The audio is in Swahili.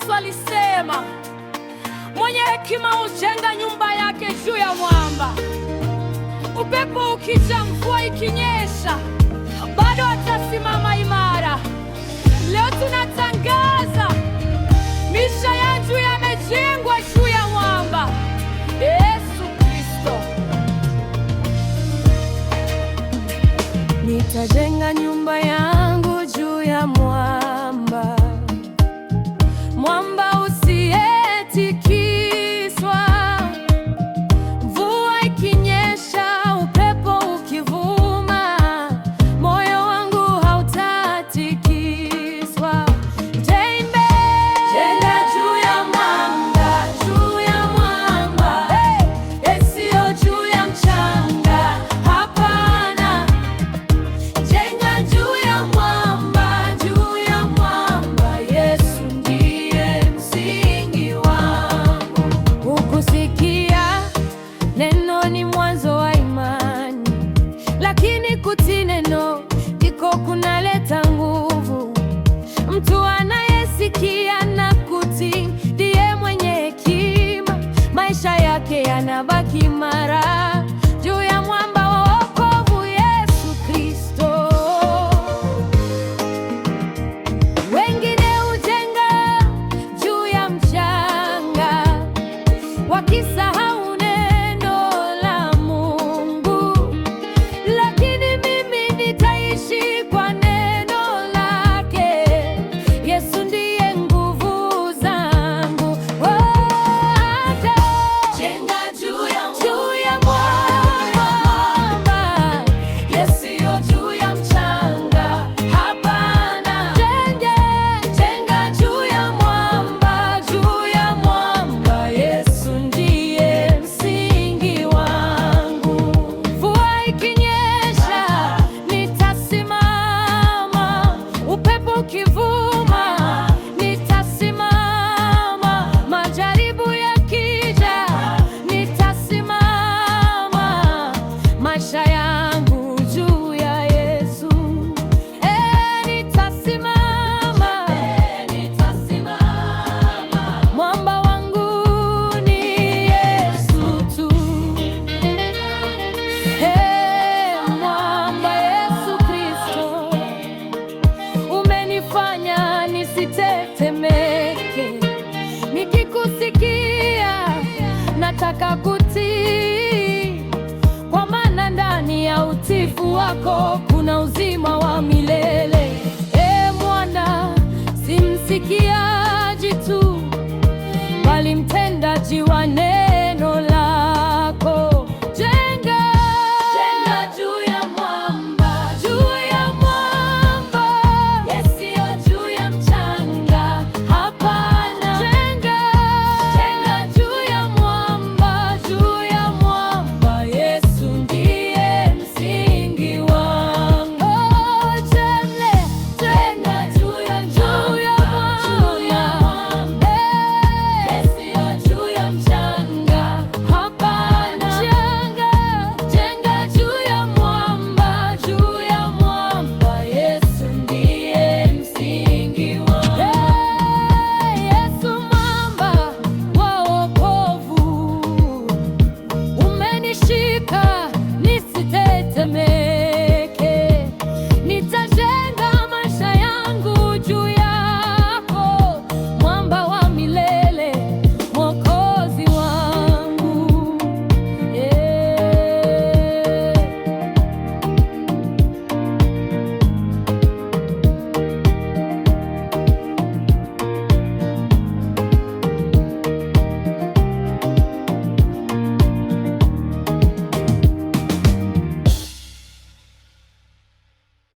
Yesu alisema, mwenye hekima hujenga nyumba yake juu ya mwamba. Upepo ukija, mvua ikinyesha, bado atasimama imara. Leo tunatangaza maisha yetu yamejengwa juu ya mwamba, Yesu Kristo. Nitajenga nyumba anabaki mara nitetemeke, nikikusikia nataka kutii, kwa maana ndani ya utifu wako kuna uzima wa milele. E Mwana si msikiaji tu, bali mtendaji wa